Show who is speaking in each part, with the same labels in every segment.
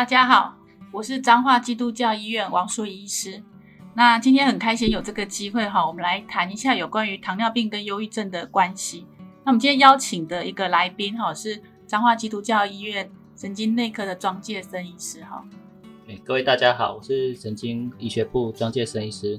Speaker 1: 大家好，我是彰化基督教醫院王舒儀醫師。那今天很開心有這個機會哈，我們來談一下有關於糖尿病跟憂鬱症的關係。那我們今天邀請的一個來賓哈，是彰化基督教醫院神經內科的莊介森醫師哈、
Speaker 2: 欸。各位大家好，我是神經醫學部莊介森醫師。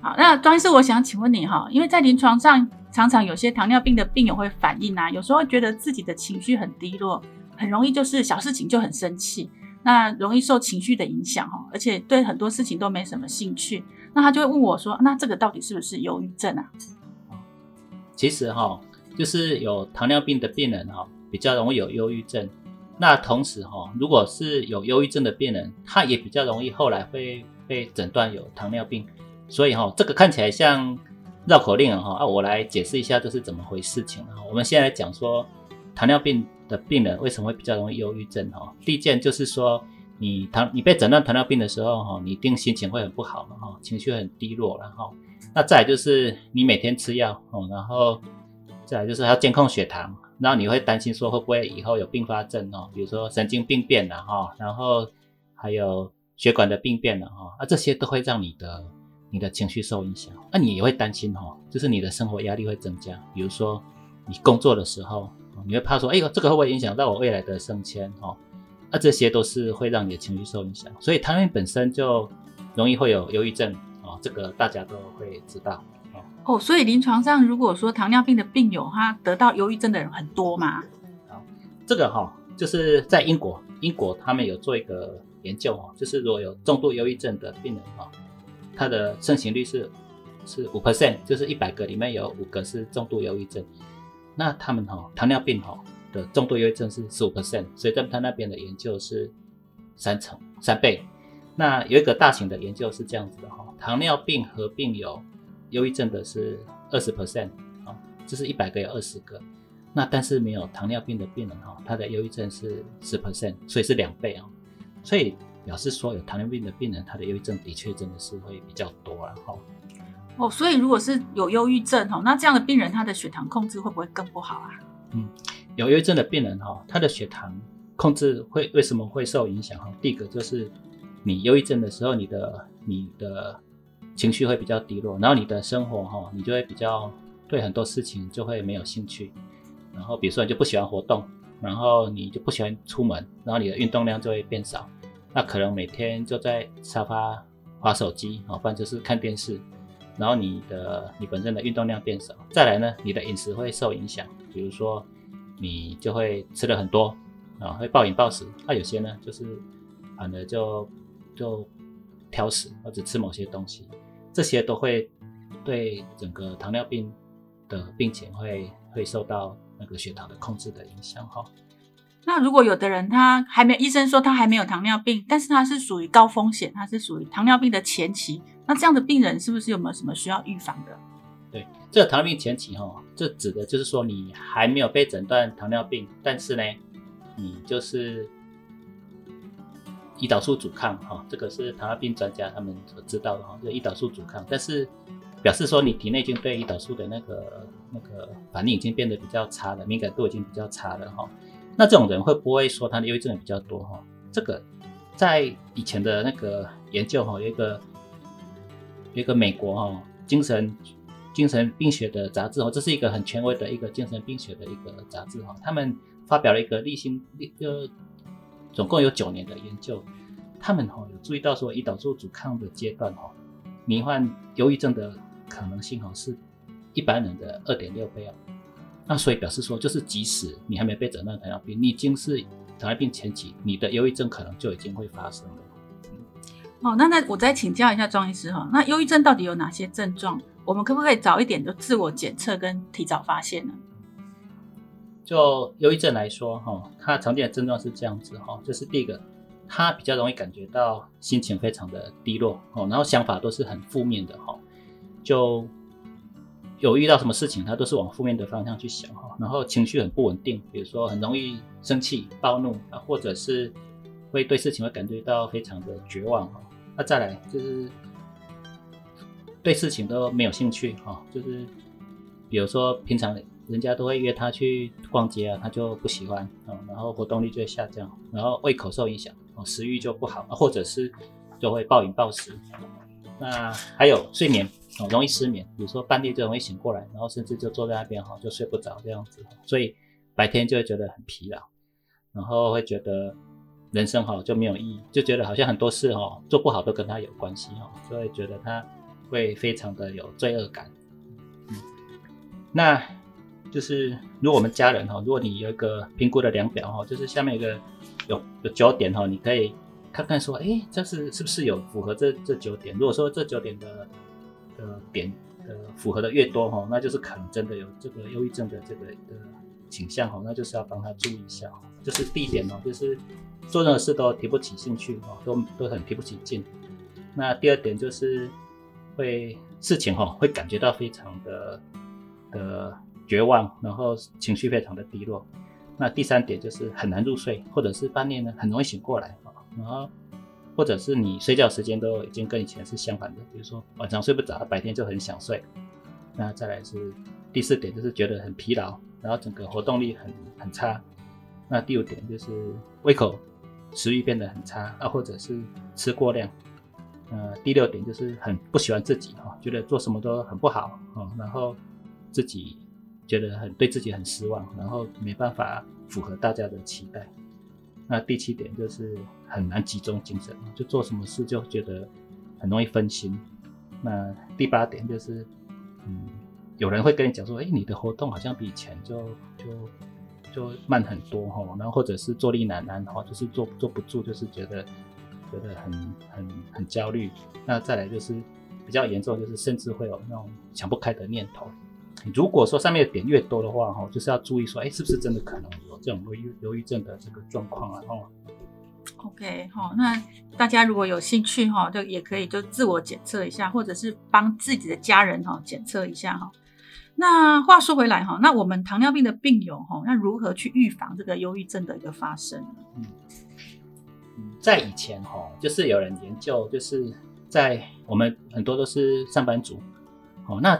Speaker 2: 好，那
Speaker 1: 莊醫師，我想請問你哈，因為在臨床上常常有些糖尿病的病友會反映啊，有時候覺得自己的情緒很低落，很容易就是小事情就很生氣，那容易受情緒的影響哈，而且對很多事情都沒什麼興趣。那他就會問我說：“那這個到底是不是憂鬱症啊？”
Speaker 2: 其實哈，就是有糖尿病的病人哈，比較容易有憂鬱症。那同時哈，如果是有憂鬱症的病人，他也比較容易後來會被診斷有糖尿病。所以哈，這個看起來像繞口令哈，啊，我來解釋一下這是怎麼回事情。我們先來講說糖尿病的病人為什麼會比較容易憂鬱症？哈，第一件就是說，你糖你被診斷糖尿病的時候，哈，你一定心情會很不好嘛，哈，情緒很低落，然後，那再來就是你每天吃藥，哦，然後再來就是還要監控血糖，然後你會擔心說會不會以後有併發症，哦，比如說神經病變了哈，然後還有血管的病變了哈，啊這些都會讓你的你的情緒受影響，那、啊、你也會擔心，哈，就是你的生活壓力會增加，比如說你工作的時候。你會怕說，哎、欸、呦，這個會不會影響到我未來的升遷？那、哦啊、這些都是會讓你的情緒受影響，所以糖尿病本身就容易會有憂鬱症哦，這個大家都會知道
Speaker 1: 哦，哦，所以臨床上如果說糖尿病的病友他得到憂鬱症的人很多嗎？好、
Speaker 2: 哦，這個哈、哦，就是在英國，英國他們有做一個研究哦，就是如果有重度憂鬱症的病人哦，他的盛行率是是五 percent，就是一百個裡面有五個是重度憂鬱症。那他們哈、哦、糖尿病哈的重度憂鬱症是十五 percent，所以在他那邊的研究是三成三倍。那有一個大型的研究是這樣子的哈，糖尿病合併有憂鬱症的是二十 percent 啊，這是一百個有二十個。那但是沒有糖尿病的病人哈，他的憂鬱症是十 percent，所以是兩倍啊。所以表示說有糖尿病的病人，他的憂鬱症的確真的是會比較多啊哈。
Speaker 1: 哦，所以如果是有憂鬱症哦，那這樣的病人他的血糖控制會不會更不好啊？
Speaker 2: 嗯，有憂鬱症的病人哈，他的血糖控制會為什麼會受影響？哈，第一個就是你憂鬱症的時候你的，你的你的情緒會比較低落，然後你的生活哈，你就會比較對很多事情就會沒有興趣，然後比如說你就不喜歡活動，然後你就不喜歡出門，然後你的運動量就會變少，那可能每天就在沙發滑手機哦，不然就是看電視。然後你的你本身的運動量變少，再來呢，你的飲食會受影響，比如說你就會吃了很多啊，會暴飲暴食，那、啊、有些呢就是，反而就就挑食，或者吃某些東西，這些都會對整個糖尿病的病情會會受到那個血糖的控制的影響哈。
Speaker 1: 那如果有的人他還沒有。醫生說他還沒有糖尿病，但是他是屬於高風險，他是屬於糖尿病的前期，那這樣的病人是不是有沒有什麼需要預防的？
Speaker 2: 對，這個、糖尿病前期哈、哦，這指的就是說你還沒有被診斷糖尿病，但是呢，你就是胰島素阻抗哈、哦，這個是糖尿病專家他們所知道的哈，哦、胰島素阻抗，但是表示說你體內已經對胰島素的那個那個反應已經變得比較差了，敏感度已經比較差了哈。哦那這種人會不會說他的憂鬱症也比較多哈？這個在以前的那個研究哈，有一個有一個美國哈精神精神病學的雜誌哈，這是一個很權威的一個精神病學的一個雜誌哈，他們發表了一個例行呃總共有九年的研究，他們哈有注意到說胰島素阻抗的階段哈，罹患憂鬱症的可能性哈是一般人的二點六倍啊。那所以表示說，就是即使你還沒被診斷糖尿病，你已經是糖尿病前期，你的憂鬱症可能就已經會發生了。
Speaker 1: 好那、哦、那我再請教一下莊醫師哈，那憂鬱症到底有哪些症狀？我們可不可以早一點就自我檢測跟提早發現呢？
Speaker 2: 就憂鬱症來說哈，它常見的症狀是這樣子哈，這、就是第一個，它比較容易感覺到心情非常的低落哦，然後想法都是很負面的哈，就。有遇到什麼事情，他都是往負面的方向去想哈，然後情緒很不穩定，比如說很容易生氣、暴怒啊，或者是會對事情會感覺到非常的絕望哈。那再來就是對事情都沒有興趣哈，就是比如說平常人家都會約他去逛街啊，他就不喜歡啊，然後活動力就會下降，然後胃口受影響，食慾就不好啊，或者是就會暴飲暴食。那還有睡眠。容易失眠，比如說半夜就容易醒過來，然後甚至就坐在那邊哈就睡不着這樣子，所以白天就會覺得很疲勞，然後會覺得人生哈就沒有意義，就覺得好像很多事哈做不好都跟他有關係哈，就會覺得他會非常的有罪惡感。嗯，那就是如果我們家人哈，如果你有一個評估的量表哈，就是下面一個有有九點哈，你可以看看說，誒，這是是不是有符合這這九點？如果說這九點的。點的、嗯、符合的越多哈，那就是可能真的有這個憂鬱症的這個一個傾向哈，那就是要幫他注意一下。就是第一點哦，就是做任何事都提不起興趣哦，都都很提不起勁。那第二點就是會事情哈會感覺到非常的的絕望，然後情緒非常的低落。那第三點就是很難入睡，或者是半夜呢很容易醒過來，然後，或者是你睡覺時間都已經跟以前是相反的，比如說晚上睡不着，白天就很想睡。那再來是第四點，就是覺得很疲勞，然後整個活動力很很差。那第五點就是胃口、食欲變得很差啊，或者是吃過量。呃，第六點就是很不喜歡自己啊，覺得做什麼都很不好啊，然後自己覺得很對自己很失望，然後沒辦法符合大家的期待。那第七點就是很難集中精神，就做什麼事就覺得很容易分心。那第八點就是，嗯，有人會跟你講說，哎，你的活動好像比以前就就就慢很多哈，然後或者是坐立難安哈，就是坐坐不住，就是覺得覺得很很很焦慮。那再來就是比較嚴重，就是甚至會有那種想不開的念頭。如果說上面的點越多的話，哈，就是要注意說，哎，是不是真的可能有這種憂鬱憂鬱症的這個狀況啊？哦。
Speaker 1: OK，好，那大家如果有興趣，哈，就也可以就自我檢測一下，或者是幫自己的家人，哈，檢測一下，哈。那話說回來，哈，那我們糖尿病的病友，哈，那如何去預防這個憂鬱症的一個發生？嗯，
Speaker 2: 在以前，哈，就是有人研究，就是在我們很多都是上班族，哦，那。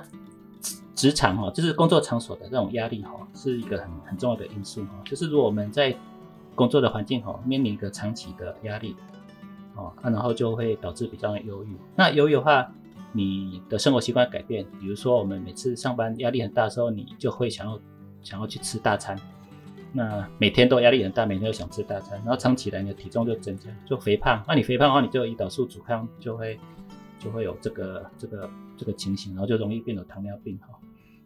Speaker 2: 職場哦，就是工作場所的這種壓力哈，是一個很很重要的因素。就是如果我們在工作的環境哈，面臨一個長期的壓力哦，那、啊、然後就會導致比較憂鬱。那憂鬱的話，你的生活習慣改變，比如說我們每次上班壓力很大的時候，你就會想要想要去吃大餐。那每天都壓力很大，每天都想吃大餐，然後撐起來你的體重就增加，就肥胖。那、啊、你肥胖的話，你就有胰島素阻抗就會就會有這個這個這個情形，然後就容易變成糖尿病哈。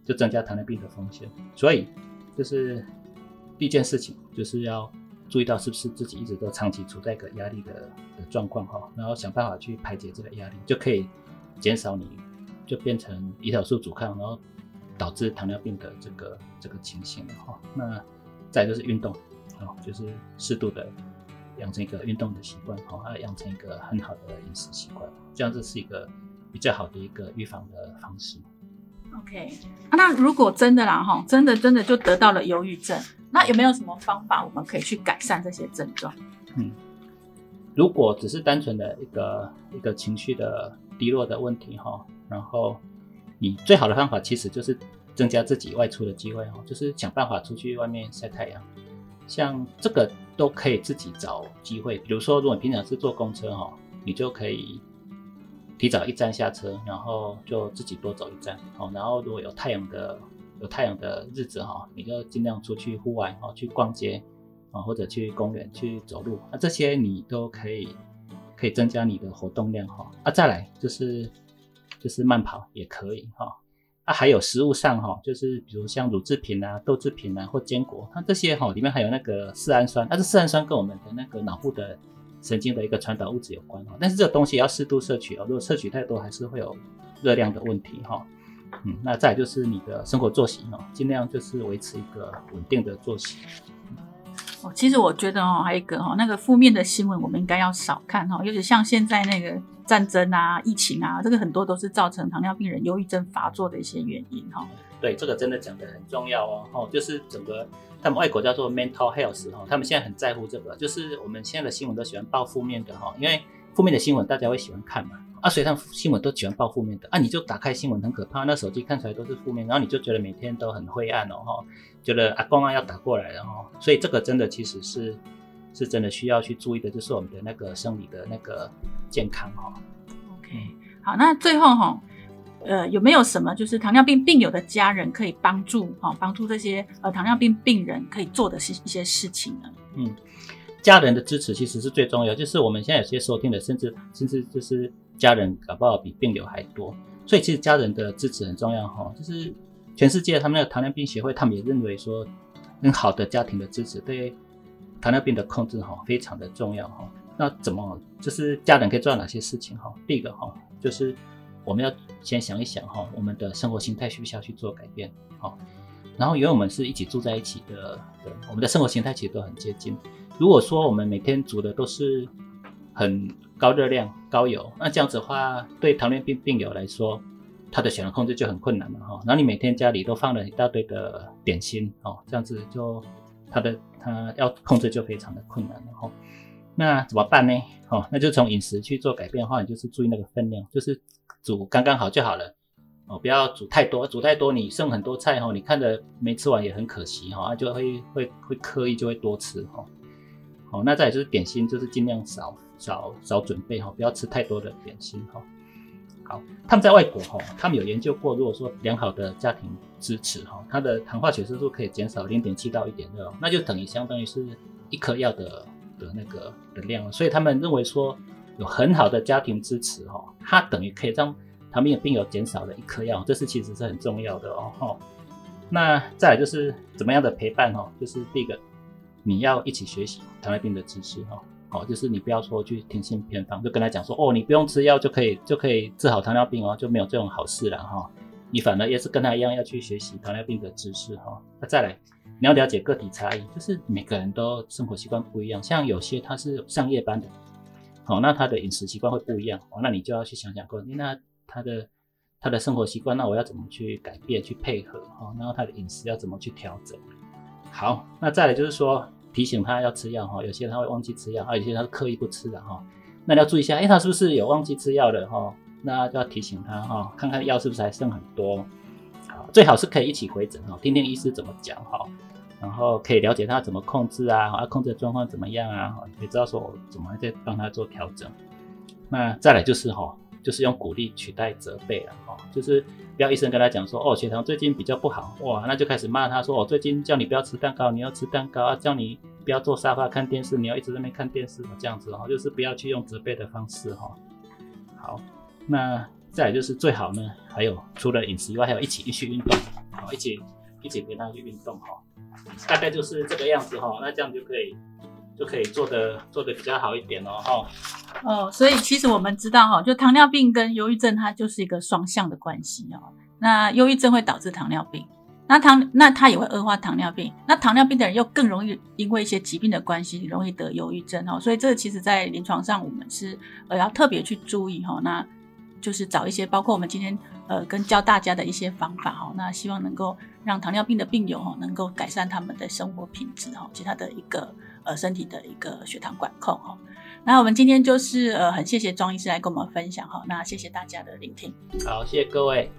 Speaker 2: 就增加糖尿病的風險，所以就是第一件事情，就是要注意到是不是自己一直都長期處在一個壓力的的狀況哈，然後想辦法去排解這個壓力，就可以減少你就變成胰島素阻抗，然後導致糖尿病的這個這個情形了哈。那再就是運動，哦，就是適度的養成一個運動的習慣，哦，養成一個很好的飲食習慣，這樣這是一個比較好的一個預防的方式。
Speaker 1: OK，那如果真的啦哈，真的真的就得到了憂鬱症，那有沒有什麼方法我們可以去改善這些症狀？嗯，
Speaker 2: 如果只是單純的一個一個情緒的低落的問題哈，然後你最好的方法其實就是增加自己外出的機會哈，就是想辦法出去外面曬太陽，像這個都可以自己找機會，比如說如果你平常是坐公車哈，你就可以。提早一站下車，然後就自己多走一站。然後如果有太陽的有太陽的日子哈，你就盡量出去戶外哦，去逛街啊，或者去公園去走路啊，這些你都可以可以增加你的活動量哈。啊，再來就是就是慢跑也可以哈。啊，還有食物上哈，就是比如像乳製品啊、豆製品啊、或堅果，那啊，這些哈裡面含有那個色氨酸，那這色氨酸跟我們的那個腦部的。神經的一個傳導物質有關哦，但是這個東西要適度攝取哦，如果攝取太多還是會有熱量的問題哈。嗯，那再就是你的生活作息哦，盡量就是維持一個穩定的作息。
Speaker 1: 哦，其實我覺得哦，還有一個哈，那個負面的新聞我們應該要少看哈，尤其像現在那個。戰爭啊，疫情啊，這個很多都是造成糖尿病人憂鬱症發作的一些原因哈、哦。
Speaker 2: 對，這個真的講得很重要哦，哦。就是整個他們外國叫做 mental health 哈、哦，他們現在很在乎這個。就是我們現在的新聞都喜歡報負面的哈、哦，因為負面的新聞大家會喜歡看嘛。啊，所以他們新聞都喜歡報負面的啊，你就打開新聞很可怕，那手機看出來都是負面，然後你就覺得每天都很灰暗哦哈、哦，覺得阿共啊要打過來的哦。所以這個真的其實是。是真的需要去注意的，就是我們的那個生理的那個健康哈。OK，
Speaker 1: 好，那最後哈，呃，有沒有什麼就是糖尿病病友的家人可以幫助哈，幫助這些呃糖尿病病人可以做的是一些事情呢？嗯，
Speaker 2: 家人的支持其實是最重要，就是我們現在有些收聽的，甚至甚至就是家人搞不好比病友還多，所以其實家人的支持很重要哈。就是全世界他們的糖尿病協會，他們也認為說，很好的家庭的支持對。糖尿病的控制哈非常的重要哈，那怎麼就是家人可以做哪些事情哈？第一個哈就是我們要先想一想哈，我們的生活形態，需不需要去做改變哈？然後因為我們是一起住在一起的人，我們的生活形態其實都很接近。如果說我們每天煮的都是很高熱量、高油，那這樣子的話，對糖尿病病友來說，他的血糖控制就很困難了哈。那你每天家裡都放了一大堆的點心哦，這樣子就他的。它要控制就非常的困難了哈，那怎麼辦呢？哦，那就從飲食去做改變的話，你就是注意那個分量，就是煮剛剛好就好了哦，不要煮太多，煮太多你剩很多菜哈，你看着沒吃完也很可惜哈，就會會會刻意就會多吃哈，好，那再就是點心，就是盡量少少少準備哈，不要吃太多的點心哈。好，他們在外國哈、哦，他們有研究過，如果說良好的家庭支持哈、哦，他的糖化血色素可以減少零點七到一點六，那就等於相當於是一顆藥的的那個的量了。所以他們認為說，有很好的家庭支持哈、哦，它等於可以讓他們的病友減少了一顆藥，這是其實是很重要的哦。那再來就是怎麼樣的陪伴哦，就是第一個，你要一起學習糖尿病的知識哦。哦，就是你不要說去聽信偏方，就跟他講說哦，你不用吃藥就可以，就可以治好糖尿病哦，就沒有這種好事了哈。你反而也是跟他一樣要去學習糖尿病的知識哈。那再來，你要了解個體差異，就是每個人都生活習慣不一樣，像有些他是上夜班的，哦，那他的飲食習慣會不一樣哦，那你就要去想想看，那他的他的生活習慣，那我要怎麼去改變，去配合哦，然後他的飲食要怎麼去調整。好，那再來就是說。提醒他要吃藥哈，有些他會忘記吃藥，還有些他是刻意不吃的哈，那你要注意一下，哎、欸，他是不是有忘記吃藥的哈？那就要提醒他哈，看看藥是不是還剩很多，好，最好是可以一起回診哈，聽聽醫師怎麼講哈，然後可以了解他怎麼控制啊，啊，控制的狀況怎麼樣啊？也知道說我怎麼還在幫他做調整。那再來就是哈。就是用鼓勵取代責備了哦，就是不要醫生跟他講說哦血糖最近比較不好哇，那就開始罵他說哦最近叫你不要吃蛋糕，你要吃蛋糕啊，叫你不要坐沙發看電視，你要一直在那邊看電視這樣子哦，就是不要去用責備的方式哦，好，那再就是最好呢，還有除了飲食以外，還有一起一起運動，一起一起陪他去運動哈，大概就是這個樣子哈，那這樣就可以。就可以做的做的比
Speaker 1: 較好一點哦，哦，哦，所以其實我們知道哈、哦，就糖尿病跟憂鬱症它就是一個雙向的關係哦。那憂鬱症會導致糖尿病，那糖那它也會惡化糖尿病。那糖尿病的人又更容易因為一些疾病的關係容易得憂鬱症哦，所以這個其實在臨床上我們是呃要特別去注意哈、哦，那就是找一些包括我們今天呃跟教大家的一些方法哈、哦，那希望能夠讓糖尿病的病友哈、哦、能夠改善他們的生活品質哈、哦，其他的一個呃，身體的一個血糖管控喔，那我們今天就是呃，很謝謝莊醫師來跟我們分享喔，那謝謝大家的聆聽，
Speaker 2: 好，謝謝各位。